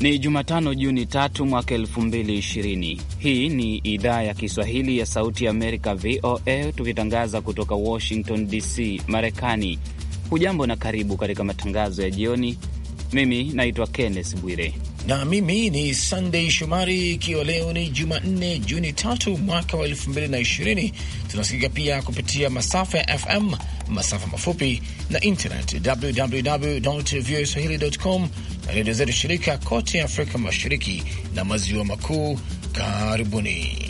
Ni Jumatano, Juni tatu mwaka elfu mbili ishirini. Hii ni idhaa ya Kiswahili ya Sauti ya Amerika, VOA, tukitangaza kutoka Washington DC, Marekani. Hujambo na karibu katika matangazo ya jioni. Mimi naitwa Kenneth Bwire na mimi ni sandei Shomari. Ikiwa leo ni Jumanne, Juni tatu mwaka wa elfu mbili na ishirini, tunasikika pia kupitia masafa ya FM, masafa mafupi na internet, www voaswahili com alielezea shirika kote Afrika Mashariki na Maziwa Makuu. Karibuni.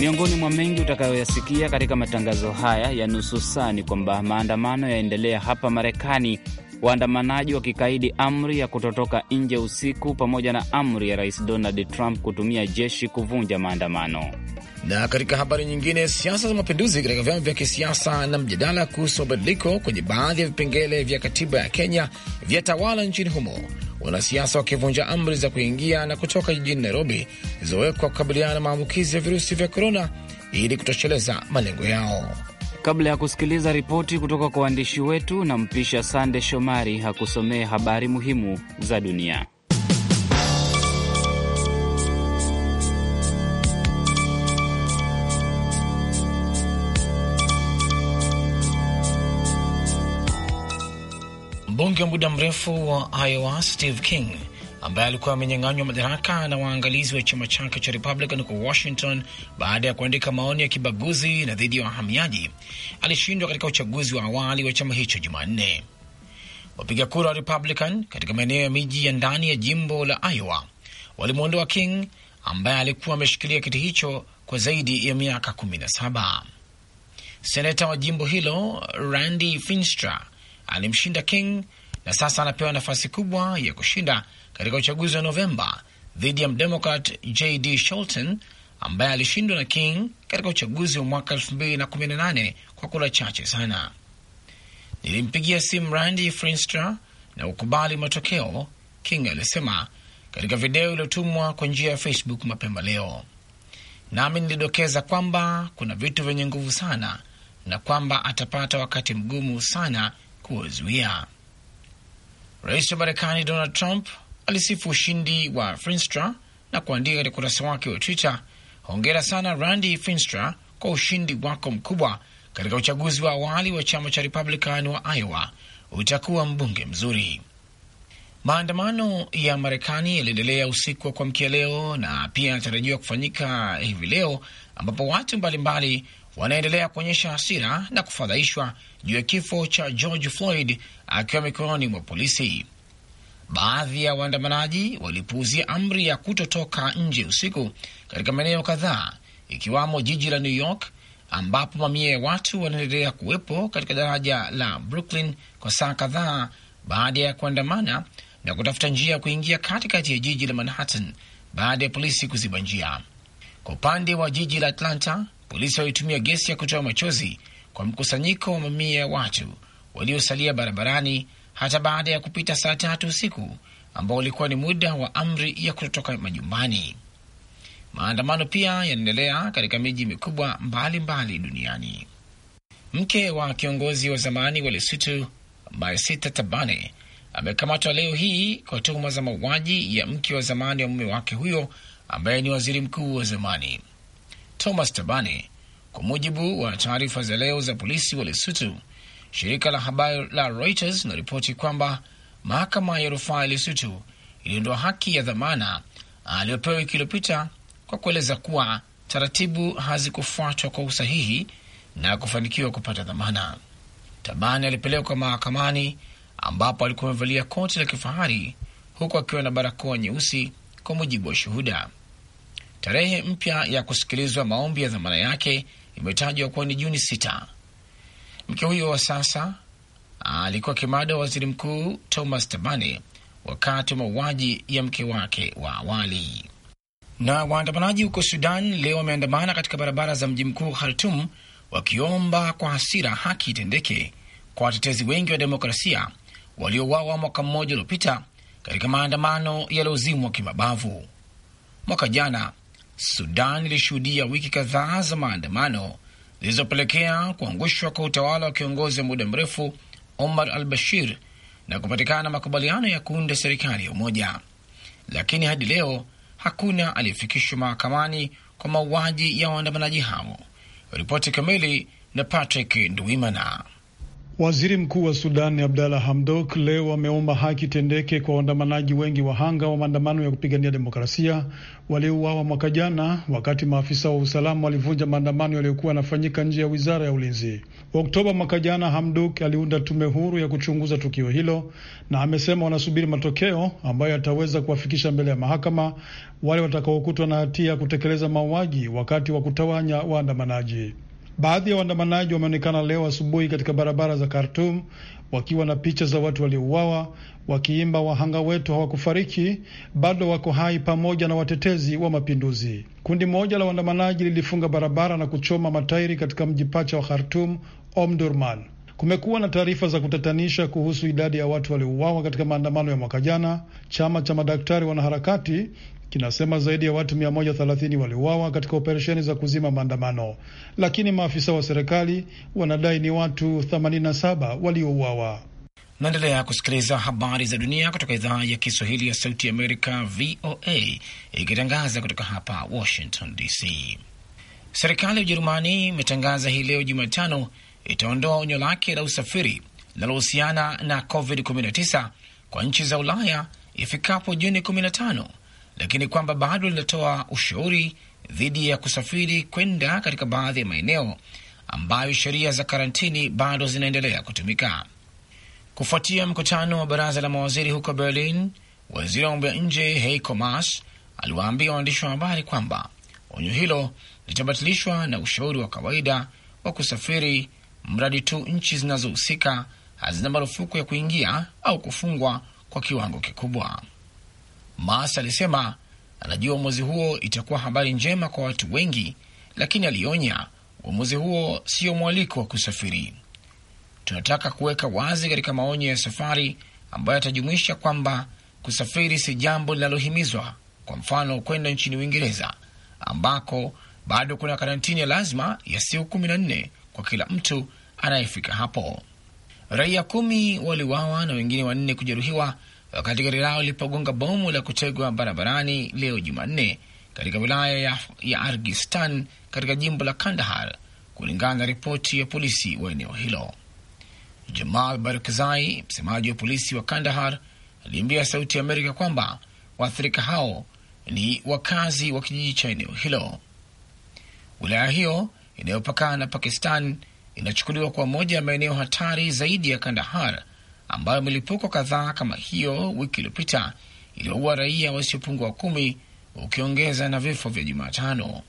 Miongoni mwa mengi utakayoyasikia katika matangazo haya ya nusu saa ni kwamba maandamano yaendelea hapa Marekani waandamanaji wakikaidi amri ya kutotoka nje usiku pamoja na amri ya Rais Donald Trump kutumia jeshi kuvunja maandamano. Na katika habari nyingine, siasa za mapinduzi katika vyama vya kisiasa na mjadala kuhusu mabadiliko kwenye baadhi ya vipengele vya katiba ya Kenya vya tawala nchini humo, wanasiasa wakivunja amri za kuingia na kutoka jijini Nairobi zilizowekwa kukabiliana na maambukizi ya virusi vya korona ili kutosheleza malengo yao. Kabla ya kusikiliza ripoti kutoka kwa waandishi wetu, na mpisha Sande Shomari hakusomee habari muhimu za dunia. Mbunge wa muda mrefu wa Iowa Steve King ambaye alikuwa amenyang'anywa madaraka na waangalizi wa chama chake cha Republican huko Washington baada ya kuandika maoni ya kibaguzi na dhidi ya wahamiaji, alishindwa katika uchaguzi wa awali wa chama hicho Jumanne. Wapiga kura wa Republican katika maeneo ya miji ya ndani ya jimbo la Iowa walimwondoa King ambaye alikuwa ameshikilia kiti hicho kwa zaidi ya miaka 17. Seneta wa jimbo hilo Randy Finstra alimshinda King na sasa anapewa nafasi kubwa ya kushinda katika uchaguzi wa Novemba dhidi ya mdemokrat JD Sholton ambaye alishindwa na King katika uchaguzi wa mwaka 2018 kwa kura chache sana. Nilimpigia simu Randy Frinstra na ukubali matokeo, King alisema katika video iliyotumwa kwa njia ya Facebook mapema leo. Nami nilidokeza kwamba kuna vitu vyenye nguvu sana na kwamba atapata wakati mgumu sana kuwazuia. Rais wa Marekani Donald Trump alisifu ushindi wa Finstra na kuandika katika ukurasa wake wa Twitter, hongera sana Randy Finstra kwa ushindi wako mkubwa katika uchaguzi wa awali wa chama cha Republican wa Iowa. Utakuwa mbunge mzuri. Maandamano ya Marekani yaliendelea usiku wa kuamkia leo na pia yanatarajiwa kufanyika hivi leo, ambapo watu mbalimbali wanaendelea kuonyesha hasira na kufadhaishwa juu ya kifo cha George Floyd akiwa mikononi mwa polisi. Baadhi ya waandamanaji walipuuzia amri ya kutotoka nje usiku katika maeneo kadhaa, ikiwamo jiji la New York ambapo mamia ya watu wanaendelea kuwepo katika daraja la Brooklyn kwa saa kadhaa baada ya kuandamana na kutafuta njia ya kuingia katikati ya jiji la Manhattan baada ya polisi kuziba njia. Kwa upande wa jiji la Atlanta, polisi walitumia gesi ya kutoa machozi kwa mkusanyiko wa mamia ya watu waliosalia barabarani hata baada ya kupita saa tatu usiku ambao ulikuwa ni muda wa amri ya kutotoka majumbani. Maandamano pia yanaendelea katika miji mikubwa mbalimbali duniani. Mke wa kiongozi wa zamani wa lesutu Maesita Tabane amekamatwa leo hii kwa tuhuma za mauaji ya mke wa zamani wa mume wake huyo ambaye ni waziri mkuu wa zamani. Thomas Tabane. Kwa mujibu wa taarifa za leo za polisi wa Lesutu, shirika la habari la Reuters linaripoti kwamba mahakama ya rufaa ya Lesutu iliondoa haki ya dhamana aliyopewa wiki iliyopita kwa kueleza kuwa taratibu hazikufuatwa kwa usahihi na kufanikiwa kupata dhamana. Tabani alipelekwa mahakamani ambapo alikuwa amevalia koti la kifahari huku akiwa na barakoa nyeusi, kwa mujibu wa shuhuda. Tarehe mpya ya kusikilizwa maombi ya dhamana yake imetajwa kuwa ni Juni sita. Mke huyo wa sasa alikuwa kimada wa waziri mkuu Thomas Tabane wakati wa mauaji ya mke wake wa awali. Na waandamanaji huko Sudan leo wameandamana katika barabara za mji mkuu Khartum wakiomba kwa hasira haki itendeke kwa watetezi wengi wa demokrasia waliowawa mwaka mmoja uliopita katika maandamano yaliyozimwa kimabavu mwaka jana. Sudan ilishuhudia wiki kadhaa za maandamano zilizopelekea kuangushwa kwa utawala wa kiongozi wa muda mrefu Omar al Bashir na kupatikana makubaliano ya kuunda serikali ya umoja, lakini hadi leo hakuna aliyefikishwa mahakamani kwa mauaji ya waandamanaji hao. Ripoti kamili na Patrick Ndwimana. Waziri Mkuu wa Sudani Abdalla Hamdok leo ameomba haki tendeke kwa waandamanaji wengi wahanga wa maandamano ya kupigania demokrasia waliouawa mwaka jana, wakati maafisa wa usalama walivunja maandamano yaliyokuwa yanafanyika nje ya wizara ya ulinzi. Oktoba mwaka jana, Hamdok aliunda tume huru ya kuchunguza tukio hilo na amesema wanasubiri matokeo ambayo yataweza kuwafikisha mbele ya mahakama wale watakaokutwa na hatia ya kutekeleza mauaji wakati wa kutawanya waandamanaji. Baadhi ya waandamanaji wameonekana leo asubuhi katika barabara za Khartum wakiwa na picha za watu waliouawa wakiimba, wahanga wetu hawakufariki bado wako hai, pamoja na watetezi wa mapinduzi. Kundi moja la waandamanaji lilifunga barabara na kuchoma matairi katika mji pacha wa Khartum, Omdurman. Kumekuwa na taarifa za kutatanisha kuhusu idadi ya watu waliouawa katika maandamano ya mwaka jana. Chama cha madaktari wanaharakati kinasema zaidi ya watu 130 waliuawa katika operesheni za kuzima maandamano, lakini maafisa wa serikali wanadai ni watu 87 waliouawa. Naendelea kusikiliza habari za dunia kutoka idhaa ya Kiswahili ya Sauti Amerika, VOA, ikitangaza kutoka hapa Washington DC. Serikali ya Ujerumani imetangaza hii leo Jumatano itaondoa onyo lake la usafiri linalohusiana na COVID-19 kwa nchi za Ulaya ifikapo Juni 15 lakini kwamba bado linatoa ushauri dhidi ya kusafiri kwenda katika baadhi ya maeneo ambayo sheria za karantini bado zinaendelea kutumika. Kufuatia mkutano wa baraza la mawaziri huko Berlin, waziri wa mambo ya nje Heiko Maas aliwaambia waandishi wa habari kwamba onyo hilo litabatilishwa na ushauri wa kawaida wa kusafiri mradi tu nchi zinazohusika hazina marufuku ya kuingia au kufungwa kwa kiwango kikubwa. Mas alisema anajua uamuzi huo itakuwa habari njema kwa watu wengi, lakini alionya uamuzi huo sio mwaliko wa kusafiri. Tunataka kuweka wazi katika maonyo ya safari ambayo yatajumuisha kwamba kusafiri si jambo linalohimizwa, kwa mfano kwenda nchini Uingereza ambako bado kuna karantini ya lazima ya siku kumi na nne kwa kila mtu anayefika hapo. Raia kumi waliwawa na wengine wanne kujeruhiwa wakati gari lao lilipogonga bomu la kutegwa barabarani leo Jumanne katika wilaya ya, ya Argistan katika jimbo la Kandahar, kulingana na ripoti ya polisi wa eneo hilo. Jamal Barkzai, msemaji wa polisi wa Kandahar, aliambia Sauti ya Amerika kwamba waathirika hao ni wakazi wa kijiji cha eneo hilo. Wilaya hiyo inayopakana na Pakistan inachukuliwa kwa moja ya maeneo hatari zaidi ya Kandahar ambayo milipuko kadhaa kama hiyo wiki iliyopita iliyoua raia wasiopungua kumi, ukiongeza na vifo vya Jumatano.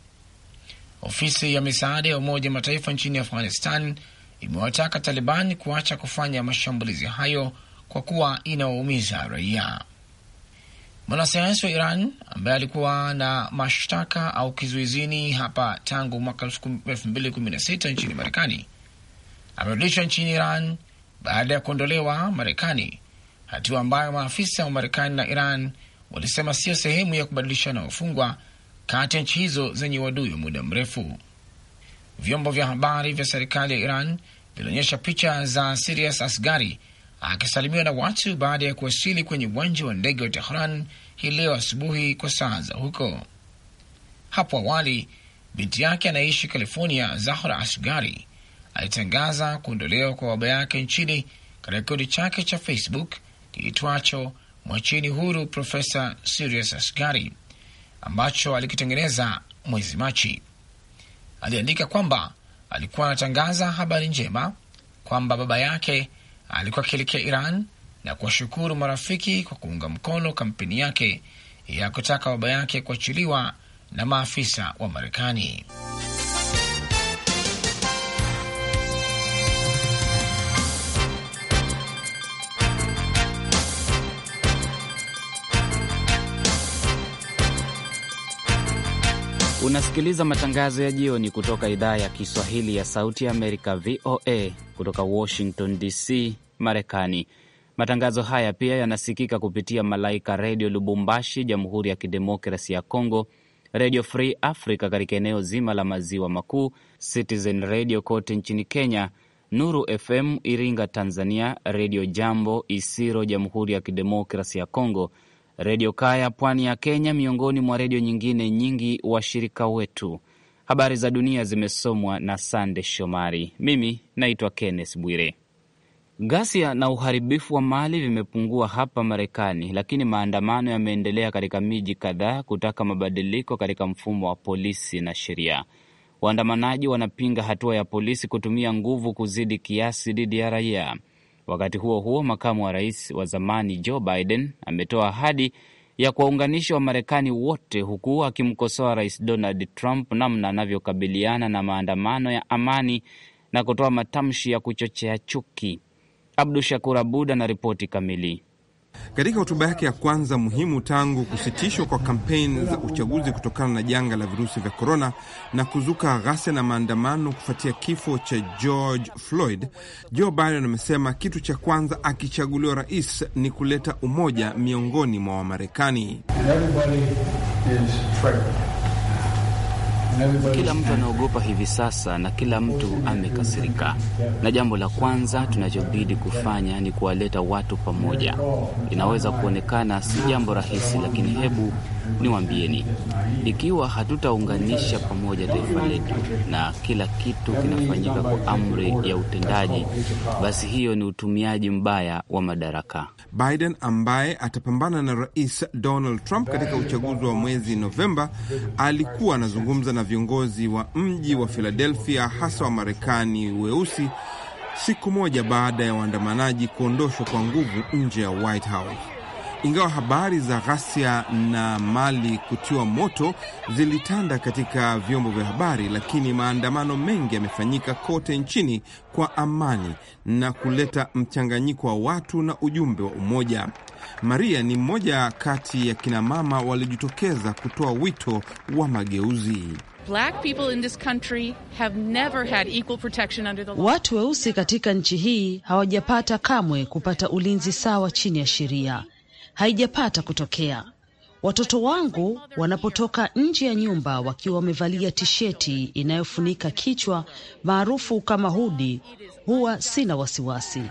Ofisi ya misaada ya Umoja Mataifa nchini Afghanistan imewataka Taliban kuacha kufanya mashambulizi hayo kwa kuwa inawaumiza raia. Mwanasayansi wa Iran ambaye alikuwa na mashtaka au kizuizini hapa tangu mwaka 2016 nchini Marekani amerudishwa nchini Iran baada ya kuondolewa Marekani, hatua ambayo maafisa wa Marekani na Iran walisema siyo sehemu ya kubadilishana wafungwa kati ya nchi hizo zenye uadui wa muda mrefu. Vyombo vya habari vya serikali ya Iran vilionyesha picha za Sirius Asgari akisalimiwa na watu baada ya kuwasili kwenye uwanja wa ndege wa Tehran hii leo asubuhi kwa saa za huko. Hapo awali binti yake anayeishi California, Zahra Asgari alitangaza kuondolewa kwa baba yake nchini katika kikundi chake cha Facebook kiitwacho mwachini huru Profesa Sirius Asgari ambacho alikitengeneza mwezi Machi. Aliandika kwamba alikuwa anatangaza habari njema kwamba baba yake alikuwa akielekea Iran na kuwashukuru marafiki kwa kuunga mkono kampeni yake ya kutaka baba yake kuachiliwa na maafisa wa Marekani. Unasikiliza matangazo ya jioni kutoka idhaa ya Kiswahili ya Sauti ya Amerika, VOA, kutoka Washington DC, Marekani. Matangazo haya pia yanasikika kupitia Malaika Redio Lubumbashi, Jamhuri ya Kidemokrasi ya congo Redio Free Africa katika eneo zima la maziwa makuu, Citizen Redio kote nchini Kenya, Nuru FM Iringa, Tanzania, Redio Jambo Isiro, Jamhuri ya Kidemokrasi ya congo Redio Kaya pwani ya Kenya, miongoni mwa redio nyingine nyingi washirika wetu. Habari za dunia zimesomwa na Sande Shomari. Mimi naitwa Kenneth Bwire. Ghasia na uharibifu wa mali vimepungua hapa Marekani, lakini maandamano yameendelea katika miji kadhaa kutaka mabadiliko katika mfumo wa polisi na sheria. Waandamanaji wanapinga hatua ya polisi kutumia nguvu kuzidi kiasi dhidi ya raia. Wakati huo huo, makamu wa rais wa zamani Joe Biden ametoa ahadi ya kuwaunganisha Wamarekani wote huku akimkosoa rais Donald Trump namna anavyokabiliana na maandamano ya amani na kutoa matamshi ya kuchochea chuki. Abdu Shakur Abud ana ripoti kamili. Katika hotuba yake ya kwanza muhimu tangu kusitishwa kwa kampeni za uchaguzi kutokana na janga la virusi vya korona na kuzuka ghasia na maandamano kufuatia kifo cha George Floyd, Joe Biden amesema kitu cha kwanza akichaguliwa rais ni kuleta umoja miongoni mwa Wamarekani. Kila mtu anaogopa hivi sasa na kila mtu amekasirika, na jambo la kwanza tunachobidi kufanya ni kuwaleta watu pamoja. Inaweza kuonekana si jambo rahisi, lakini hebu Niwaambieni, ikiwa hatutaunganisha pamoja taifa letu na kila kitu kinafanyika kwa amri ya utendaji, basi hiyo ni utumiaji mbaya wa madaraka. Biden ambaye atapambana na Rais Donald Trump katika uchaguzi wa mwezi Novemba alikuwa anazungumza na viongozi wa mji wa Philadelphia, hasa wa Marekani weusi siku moja baada ya waandamanaji kuondoshwa kwa nguvu nje ya White House ingawa habari za ghasia na mali kutiwa moto zilitanda katika vyombo vya habari, lakini maandamano mengi yamefanyika kote nchini kwa amani na kuleta mchanganyiko wa watu na ujumbe wa umoja. Maria ni mmoja kati ya kinamama waliojitokeza kutoa wito wa mageuzi. Black people in this country have never had equal protection under the law. Watu weusi katika nchi hii hawajapata kamwe kupata ulinzi sawa chini ya sheria haijapata kutokea. Watoto wangu wanapotoka nje ya nyumba wakiwa wamevalia tisheti inayofunika kichwa maarufu kama hudi, huwa sina wasiwasi,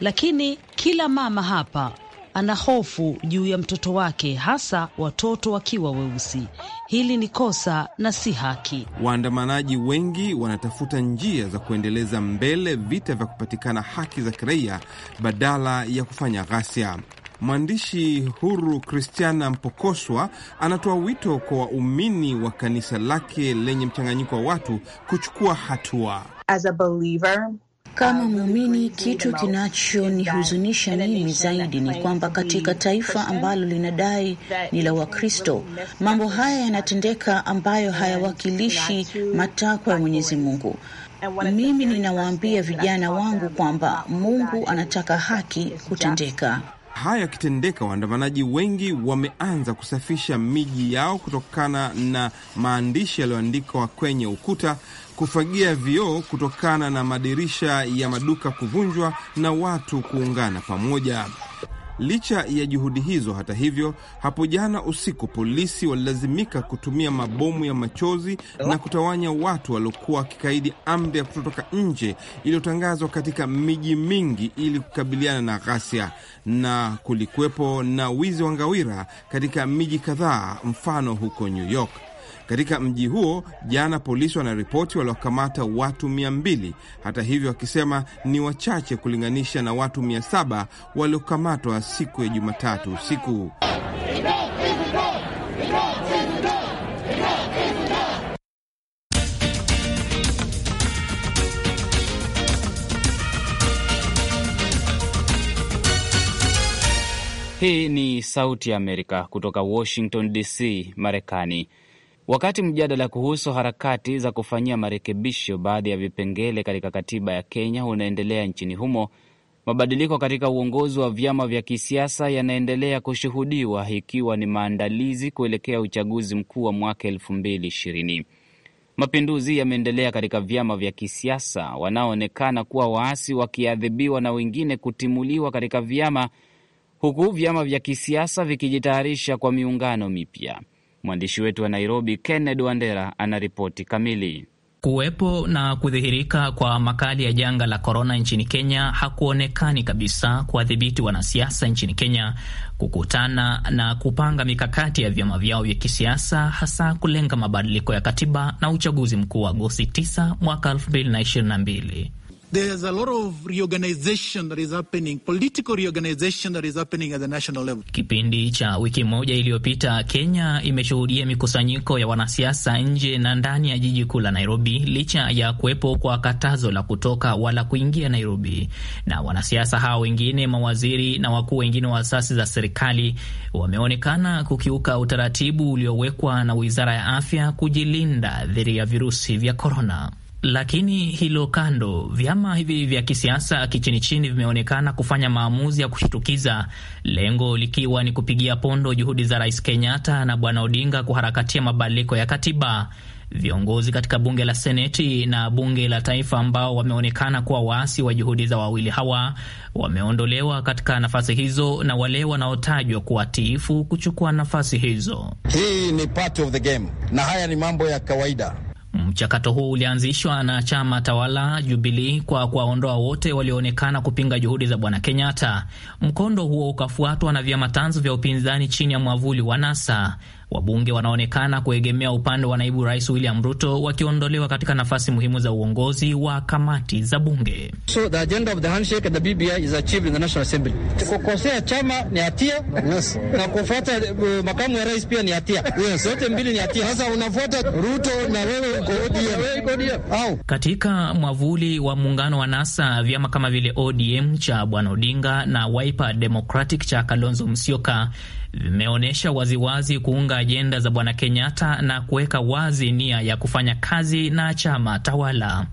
lakini kila mama hapa ana hofu juu ya mtoto wake, hasa watoto wakiwa weusi. Hili ni kosa na si haki. Waandamanaji wengi wanatafuta njia za kuendeleza mbele vita vya kupatikana haki za kiraia badala ya kufanya ghasia. Mwandishi huru kristiana Mpokoswa anatoa wito kwa waumini wa kanisa lake lenye mchanganyiko wa watu kuchukua hatua. As a believer, kama um, muumini, kitu kinachonihuzunisha mimi zaidi ni kwamba katika taifa ambalo linadai ni la Wakristo, mambo haya yanatendeka ambayo hayawakilishi matakwa ya Mwenyezi Mungu. Mimi ninawaambia vijana wangu kwamba Mungu anataka haki kutendeka. Haya yakitendeka, waandamanaji wengi wameanza kusafisha miji yao kutokana na maandishi yaliyoandikwa kwenye ukuta, kufagia vioo kutokana na madirisha ya maduka kuvunjwa na watu kuungana pamoja. Licha ya juhudi hizo, hata hivyo, hapo jana usiku polisi walilazimika kutumia mabomu ya machozi na kutawanya watu waliokuwa wakikaidi amri ya kutotoka nje iliyotangazwa katika miji mingi ili kukabiliana na ghasia, na kulikuwepo na wizi wa ngawira katika miji kadhaa, mfano huko New York. Katika mji huo jana, polisi wanaripoti waliokamata watu mbili hata hivyo wakisema ni wachache kulinganisha na watu saba waliokamatwa siku ya Jumatatu usiku. Hii ni Sauti ya Amerika kutoka Washington DC, Marekani wakati mjadala kuhusu harakati za kufanyia marekebisho baadhi ya vipengele katika katiba ya Kenya unaendelea nchini humo, mabadiliko katika uongozi wa vyama vya kisiasa yanaendelea kushuhudiwa ikiwa ni maandalizi kuelekea uchaguzi mkuu wa mwaka elfu mbili ishirini. Mapinduzi yameendelea katika vyama vya kisiasa, wanaoonekana kuwa waasi wakiadhibiwa na wengine kutimuliwa katika vyama, huku vyama vya kisiasa vikijitayarisha kwa miungano mipya. Mwandishi wetu wa Nairobi, Kenneth Wandera, anaripoti kamili. Kuwepo na kudhihirika kwa makali ya janga la korona nchini Kenya hakuonekani kabisa kuwadhibiti wanasiasa nchini Kenya kukutana na kupanga mikakati ya vyama vyao vya kisiasa, hasa kulenga mabadiliko ya katiba na uchaguzi mkuu wa Agosti 9 mwaka 2022 there's a lot of reorganization that is happening, political reorganization that is happening at the national level. Kipindi cha wiki moja iliyopita, Kenya imeshuhudia mikusanyiko ya wanasiasa nje na ndani ya jiji kuu la Nairobi, licha ya kuwepo kwa katazo la kutoka wala kuingia Nairobi. Na wanasiasa hawa wengine, mawaziri na wakuu wengine wa asasi za serikali, wameonekana kukiuka utaratibu uliowekwa na Wizara ya Afya kujilinda dhidi ya virusi vya korona. Lakini hilo kando, vyama hivi vya kisiasa kichini chini vimeonekana kufanya maamuzi ya kushtukiza, lengo likiwa ni kupigia pondo juhudi za Rais Kenyatta na Bwana Odinga kuharakatia mabadiliko ya katiba. Viongozi katika bunge la seneti na bunge la taifa ambao wameonekana kuwa waasi wa juhudi za wawili hawa wameondolewa katika nafasi hizo na wale wanaotajwa kuwa tiifu kuchukua nafasi hizo. Hii ni part of the game, na haya ni mambo ya kawaida. Mchakato huu ulianzishwa na chama tawala Jubilii kwa kuwaondoa wote walioonekana kupinga juhudi za bwana Kenyatta. Mkondo huo ukafuatwa na vyama tanzu vya upinzani chini ya mwavuli wa NASA. Wabunge wanaonekana kuegemea upande wa naibu rais William Ruto wakiondolewa katika nafasi muhimu za uongozi wa kamati za bunge. So the agenda of the handshake the BBI is achieved in the National Assembly. Kukosea chama ni hatia yes, na kufuata uh, makamu ya rais pia ni hatia yes, zote mbili ni hatia. Sasa unafuata Ruto na wewe uko ODM. Katika mwavuli wa muungano wa NASA, vyama kama vile ODM cha Bwana Odinga na Wiper Democratic cha Kalonzo Musyoka vimeonyesha waziwazi kuunga ajenda za Bwana Kenyatta na kuweka wazi nia ya kufanya kazi na chama tawala.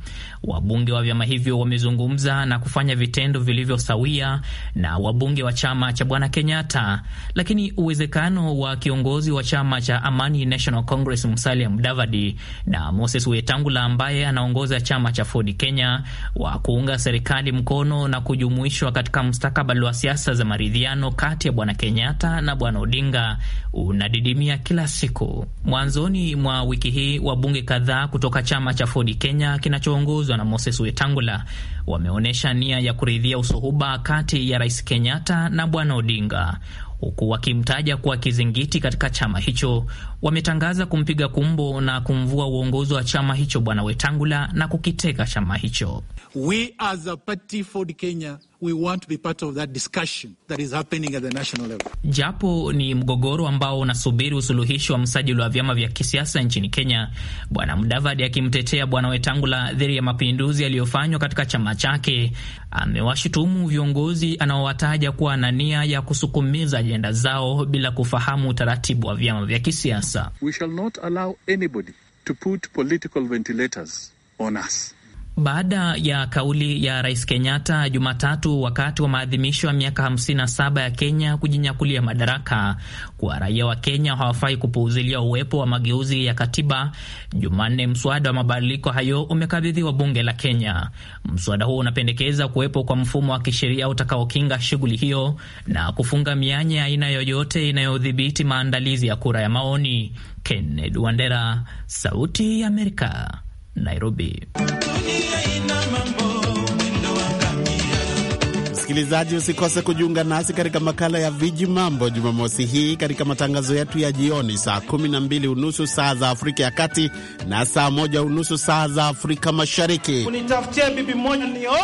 Wabunge wa vyama hivyo wamezungumza na kufanya vitendo vilivyosawia na wabunge wa chama cha bwana Kenyatta, lakini uwezekano wa kiongozi wa chama cha Amani National Congress Musalia Mudavadi na Moses Wetangula ambaye anaongoza chama cha Ford Kenya wa kuunga serikali mkono na kujumuishwa katika mstakabali wa siasa za maridhiano kati ya bwana Kenyatta na bwana Odinga unadidimia kila siku. Mwanzoni mwa wiki hii wabunge kadhaa kutoka chama cha Ford Kenya kinachoongozwa na Moses Wetangula wameonyesha nia ya kuridhia usuhuba kati ya Rais Kenyatta na Bwana Odinga huku wakimtaja kuwa kizingiti katika chama hicho. Wametangaza kumpiga kumbo na kumvua uongozi wa chama hicho Bwana Wetangula na kukiteka chama hicho. We as a party Kenya We want to be part of that discussion that is happening at the national level. Japo ni mgogoro ambao unasubiri usuluhishi wa msajili wa vyama vya kisiasa nchini Kenya, Bwana Mudavadi akimtetea Bwana Wetangula dhidi ya mapinduzi yaliyofanywa katika chama chake, amewashutumu viongozi anaowataja kuwa na nia ya kusukumiza ajenda zao bila kufahamu utaratibu wa vyama vya kisiasa. We shall not allow anybody to put political ventilators on us. Baada ya kauli ya Rais Kenyatta Jumatatu wakati wa maadhimisho ya miaka 57 ya Kenya kujinyakulia madaraka kuwa raia wa Kenya hawafai kupuuzilia uwepo wa mageuzi ya katiba, Jumanne mswada wa mabadiliko hayo umekabidhiwa bunge la Kenya. Mswada huo unapendekeza kuwepo kwa mfumo wa kisheria utakaokinga shughuli hiyo na kufunga mianya ya aina yoyote inayodhibiti maandalizi ya kura ya maoni. Kennedy Wandera, Sauti ya Amerika. Nairobi. Msikilizaji, usikose kujiunga nasi katika makala ya Viji Mambo Jumamosi hii katika matangazo yetu ya jioni saa kumi na mbili unusu saa za Afrika ya Kati na saa moja unusu saa za Afrika Mashariki. Unitafutie bibi moja nioe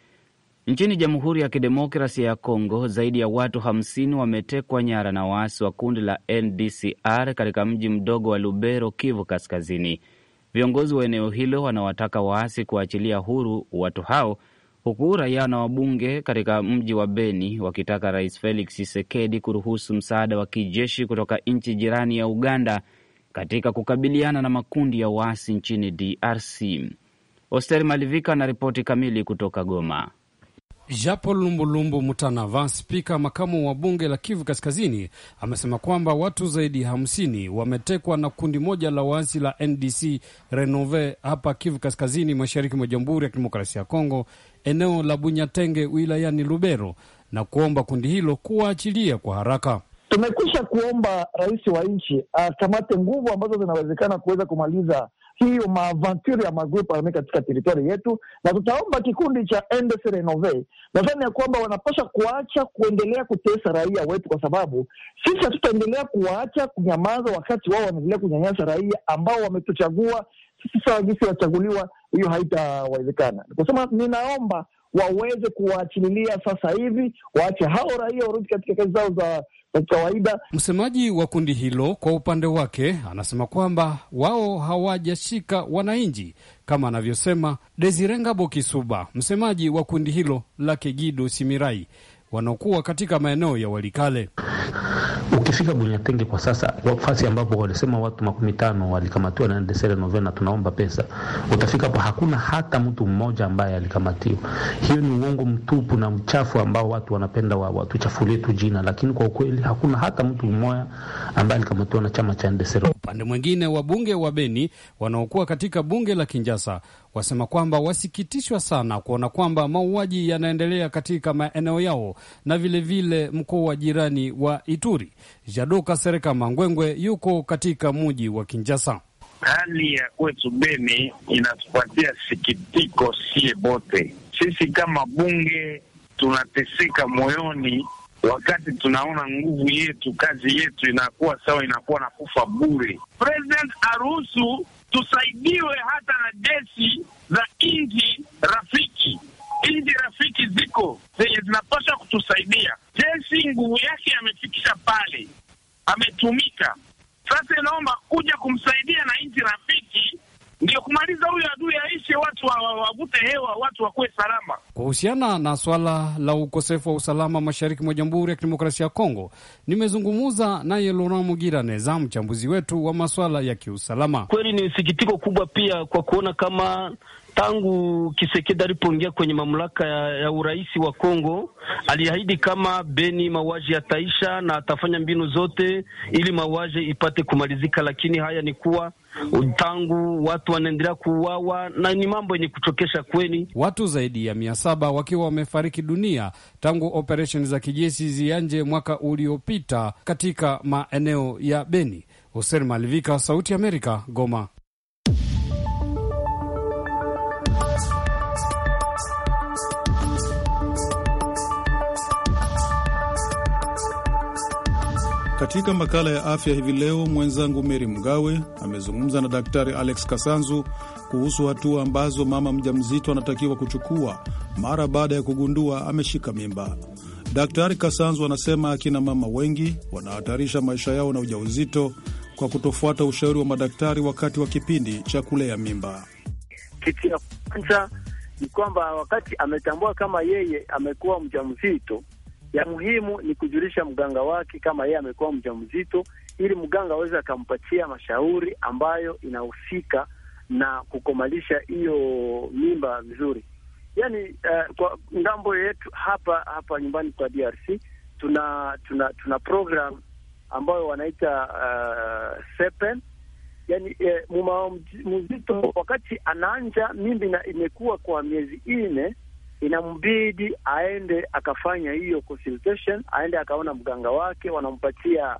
Nchini Jamhuri ya Kidemokrasia ya Kongo, zaidi ya watu 50 wametekwa nyara na waasi wa kundi la NDCR katika mji mdogo wa Lubero, Kivu Kaskazini. Viongozi wa eneo hilo wanawataka waasi kuachilia huru watu hao, huku raia na wabunge katika mji wa Beni wakitaka Rais Felix Tshisekedi kuruhusu msaada wa kijeshi kutoka nchi jirani ya Uganda katika kukabiliana na makundi ya waasi nchini DRC. Oster Malivika anaripoti ripoti kamili kutoka Goma. Japo Lumbulumbu Mutanava, spika makamu wa bunge la Kivu Kaskazini, amesema kwamba watu zaidi ya hamsini wametekwa na kundi moja la waasi la NDC Renove hapa Kivu Kaskazini, mashariki mwa Jamhuri ya Kidemokrasia ya Kongo, eneo la Bunyatenge wilayani Lubero, na kuomba kundi hilo kuwaachilia kwa haraka. Tumekwisha kuomba rais wa nchi akamate nguvu ambazo zinawezekana kuweza kumaliza hiyo maaventuri ya magrupu arme katika teritori yetu, na tutaomba kikundi cha NDC Renove. Nadhani ya kwamba wanapasha kuacha kuendelea kutesa raia wetu, kwa sababu sisi hatutaendelea kuwaacha kunyamaza wakati wao wanaendelea kunyanyasa raia ambao wametuchagua sisi. Sawa jinsi wachaguliwa, hiyo haitawezekana. Kusema ninaomba waweze kuwaachililia sasa hivi, waache hao raia warudi katika kazi zao za ya kawaida. Msemaji wa kundi hilo kwa upande wake anasema kwamba wao hawajashika wananchi kama anavyosema Desirengabo Kisuba, msemaji wa kundi hilo la Kegido Simirai wanaokuwa katika maeneo ya Walikale. Ukifika Bunyatenge kwa sasa, wafasi ambapo walisema watu makumi tano walikamatiwa na Desere Novena, tunaomba pesa, utafika hapo hakuna hata mtu mmoja ambaye alikamatiwa. Hiyo ni uongo mtupu na mchafu ambao watu wanapenda watuchafulie tu jina, lakini kwa ukweli hakuna hata mtu mmoja ambaye alikamatiwa na chama cha Desere. Upande mwingine wabunge wa Beni wanaokuwa katika bunge la Kinjasa wasema kwamba wasikitishwa sana kuona kwamba mauaji yanaendelea katika maeneo yao na vilevile mkoa wa jirani wa Ituri. Jadoka sereka mangwengwe yuko katika muji wa Kinjasa. Hali ya kwetu Beni inatupatia sikitiko, sie bote sisi kama bunge tunateseka moyoni wakati tunaona nguvu yetu, kazi yetu inakuwa sawa, inakuwa na kufa bure. President aruhusu tusaidiwe hata na jeshi za nchi rafiki. Nchi rafiki ziko zenye zinapaswa kutusaidia. Jeshi nguvu yake amefikisha pale, ametumika sasa, inaomba kuja kumsaidia na nchi rafiki ndio kumaliza huyo adui aishe, watu wavute hewa, watu wakuwe salama. Kuhusiana na swala la ukosefu wa usalama mashariki mwa Jamhuri ya Kidemokrasia ya Kongo, nimezungumza naye Laurent Mugira Neza, mchambuzi wetu wa maswala ya kiusalama. Kweli ni sikitiko kubwa pia kwa kuona kama tangu Kisekedi alipoingia kwenye mamlaka ya, ya urais wa Kongo aliahidi kama Beni mauaji yataisha na atafanya mbinu zote ili mauaji ipate kumalizika, lakini haya ni kuwa tangu watu wanaendelea kuuawa na ni mambo yenye kuchokesha kweli. Watu zaidi ya mia saba wakiwa wamefariki dunia tangu operesheni za kijeshi zianje mwaka uliopita katika maeneo ya Beni. Hoser Malivika, Sauti ya Amerika, Goma. Katika makala ya afya hivi leo, mwenzangu Meri Mgawe amezungumza na Daktari Alex Kasanzu kuhusu hatua ambazo mama mjamzito anatakiwa kuchukua mara baada ya kugundua ameshika mimba. Daktari Kasanzu anasema akina mama wengi wanahatarisha maisha yao na ujauzito kwa kutofuata ushauri wa madaktari wakati wa kipindi cha kulea mimba. Kitu ya kwanza ni kwamba wakati ametambua kama yeye amekuwa mjamzito ya muhimu ni kujulisha mganga wake kama yeye amekuwa mjamzito, ili mganga aweze akampatia mashauri ambayo inahusika na kukomalisha hiyo mimba vizuri. Yani uh, eh, kwa ngambo yetu hapa hapa nyumbani kwa DRC tuna tuna tuna program ambayo wanaita uh, sepen yani eh, yaani, eh mumamzito wakati anaanja mimbi na imekuwa kwa miezi ine inambidi aende akafanya hiyo consultation, aende akaona mganga wake, wanampatia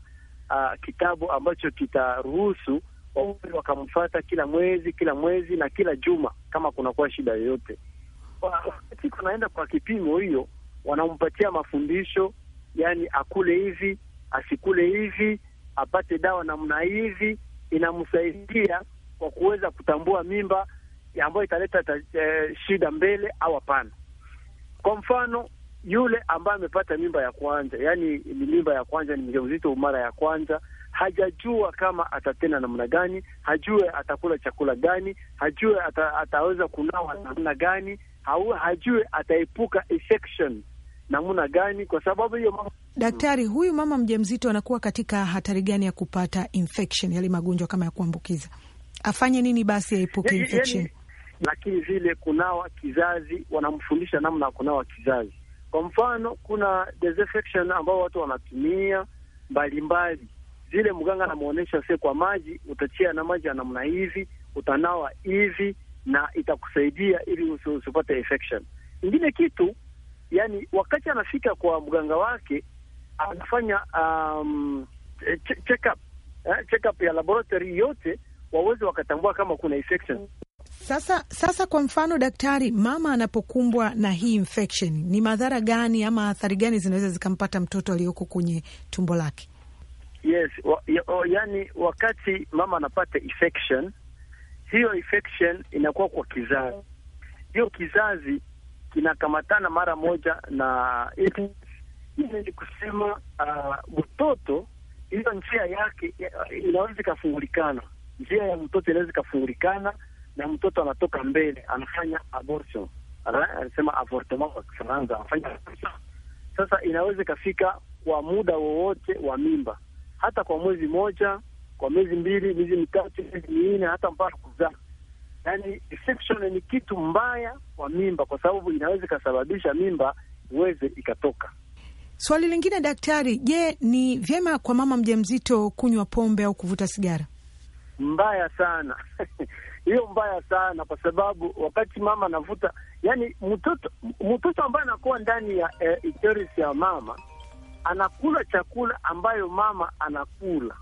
uh, kitabu ambacho kitaruhusu wauri wakamfata kila mwezi kila mwezi na kila juma, kama kunakuwa shida yoyote. Wakati kunaenda kwa kipimo hiyo, wanampatia mafundisho, yani akule hivi, asikule hivi, apate dawa namna hivi, inamsaidia kwa kuweza kutambua mimba ambayo italeta ta, eh, shida mbele au hapana. Kwa mfano yule ambaye amepata mimba ya kwanza, yani ni mimba ya kwanza, ni mjamzito mara ya kwanza, hajajua kama atatena namna gani, hajue atakula chakula gani, hajue ata, ataweza kunawa namna gani, hajue ataepuka infection namna gani. Kwa sababu hiyo mama... Daktari, huyu mama mjamzito anakuwa katika hatari gani ya kupata infection, yale magonjwa kama ya kuambukiza? Afanye nini basi aepuke infection? lakini vile kunawa kizazi, wanamfundisha namna ya kunawa kizazi. Kwa mfano, kuna disinfection ambao watu wanatumia mbalimbali, zile mganga anamwonyesha se, kwa maji utachia na maji ya namna hivi, utanawa hivi na itakusaidia ili usipate infection. Ingine kitu yani, wakati anafika kwa mganga wake anafanya um, check up, eh, check up ya laboratory yote waweze wakatambua kama kuna infection. Sasa, sasa kwa mfano daktari, mama anapokumbwa na hii infection ni madhara gani ama athari gani zinaweza zikampata mtoto aliyoko kwenye tumbo lake? Yes, wa, ya, o, yani wakati mama anapata infection, hiyo infection inakuwa kwa kizazi. Hiyo kizazi kinakamatana mara moja na ni kusema ah, mtoto uh, hiyo njia yake inaweza ikafungulikana, njia ya mtoto inaweza ikafungulikana na mtoto anatoka mbele anafanya abortion, anasema avortement kwa Kifaransa, anafanya sasa, inaweza ikafika kwa muda wowote wa mimba, hata kwa mwezi moja, kwa miezi mbili, miezi mitatu, miezi minne, hata mpaka kuzaa. Yani section ni kitu mbaya kwa mimba, kwa sababu inaweza ikasababisha mimba iweze ikatoka. Swali lingine daktari, je, ni vyema kwa mama mjamzito kunywa pombe au kuvuta sigara? Mbaya sana hiyo mbaya sana, kwa sababu wakati mama anavuta, yani mtoto mtoto ambaye anakuwa ndani ya eh, itoris ya mama anakula chakula ambayo mama anakula,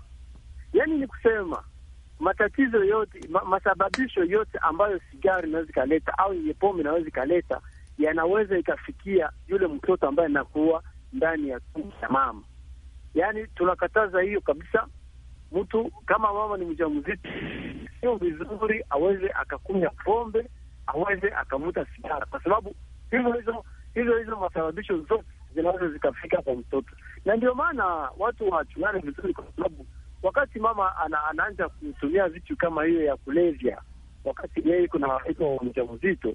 yani ni kusema matatizo yote ma, masababisho yote ambayo sigari inaweza ikaleta au yenye pombe inaweza ikaleta yanaweza ikafikia yule mtoto ambaye anakuwa ndani ya tumbo ya mama. Yani tunakataza hiyo kabisa mtu kama mama ni mjamzito, sio vizuri aweze akakunya pombe, aweze akavuta sigara, kwa sababu hizo hizo hizo hizo masababisho zote zinaweza zikafika kwa mtoto, na ndio maana watu wachungane vizuri, kwa sababu wakati mama ana, anaanza kutumia vitu kama hiyo ya kulevya, wakati yeye kuna iko mjamzito,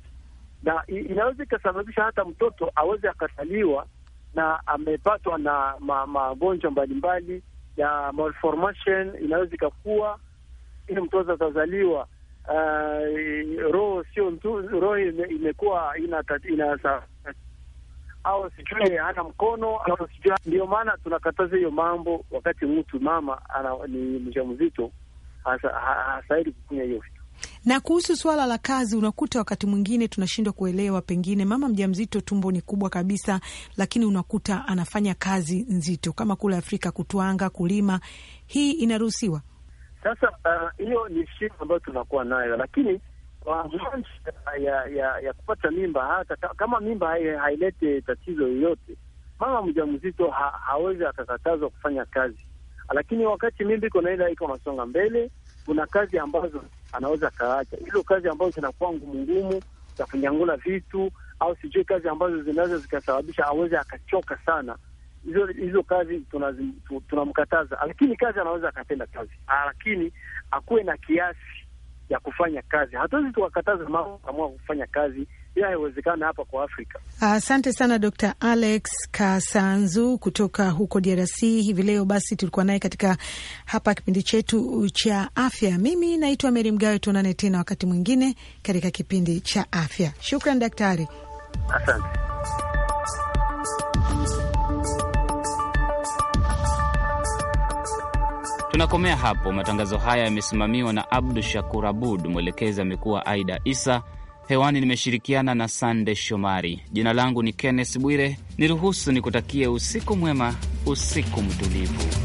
na inaweza ikasababisha hata mtoto aweze akataliwa na amepatwa na magonjwa mbalimbali ya malformation inaweza ikakuwa ili mtoto atazaliwa uh, eh, roho sio mtu roho imekuwa ina inasa au sijui hana mkono au sijui. Ndio maana tunakataza hiyo mambo, wakati mtu mama ana, ni mjamzito hastahili kukunywa hiyo vitu. Na kuhusu swala la kazi, unakuta wakati mwingine tunashindwa kuelewa, pengine mama mjamzito tumbo ni kubwa kabisa, lakini unakuta anafanya kazi nzito kama kule Afrika kutwanga, kulima. Hii inaruhusiwa? Sasa uh, hiyo uh, ni shida ambayo tunakuwa nayo, lakini kwa ya, ya ya kupata mimba, hata kama mimba hailete hai tatizo yoyote, mama mjamzito ha, hawezi akakatazwa kufanya kazi, lakini wakati mimba iko naenda iko nasonga mbele, kuna kazi ambazo anaweza akaacha hilo kazi ambazo zinakuwa ngumu ngumu za kunyangula vitu au sijui kazi ambazo zinaweza zikasababisha aweze akachoka sana. Hizo hizo kazi tunamkataza, tuna lakini kazi anaweza akatenda kazi, ah, lakini akuwe na kiasi ya kufanya kazi. Hatuwezi tukakataza mama kufanya kazi pia haiwezekana hapa kwa Afrika. Asante uh, sana Dr. Alex Kasanzu kutoka huko DRC hivi leo. Basi tulikuwa naye katika hapa kipindi chetu cha afya. Mimi naitwa Meri Mgawe, tuonane tena wakati mwingine katika kipindi cha afya. Shukran daktari, asante. Tunakomea hapo. Matangazo haya yamesimamiwa na Abdu Shakur Abud, mwelekezi amekuwa Aida Isa. Hewani nimeshirikiana na Sande Shomari. Jina langu ni Kenneth Bwire, niruhusu nikutakie usiku mwema, usiku mtulivu.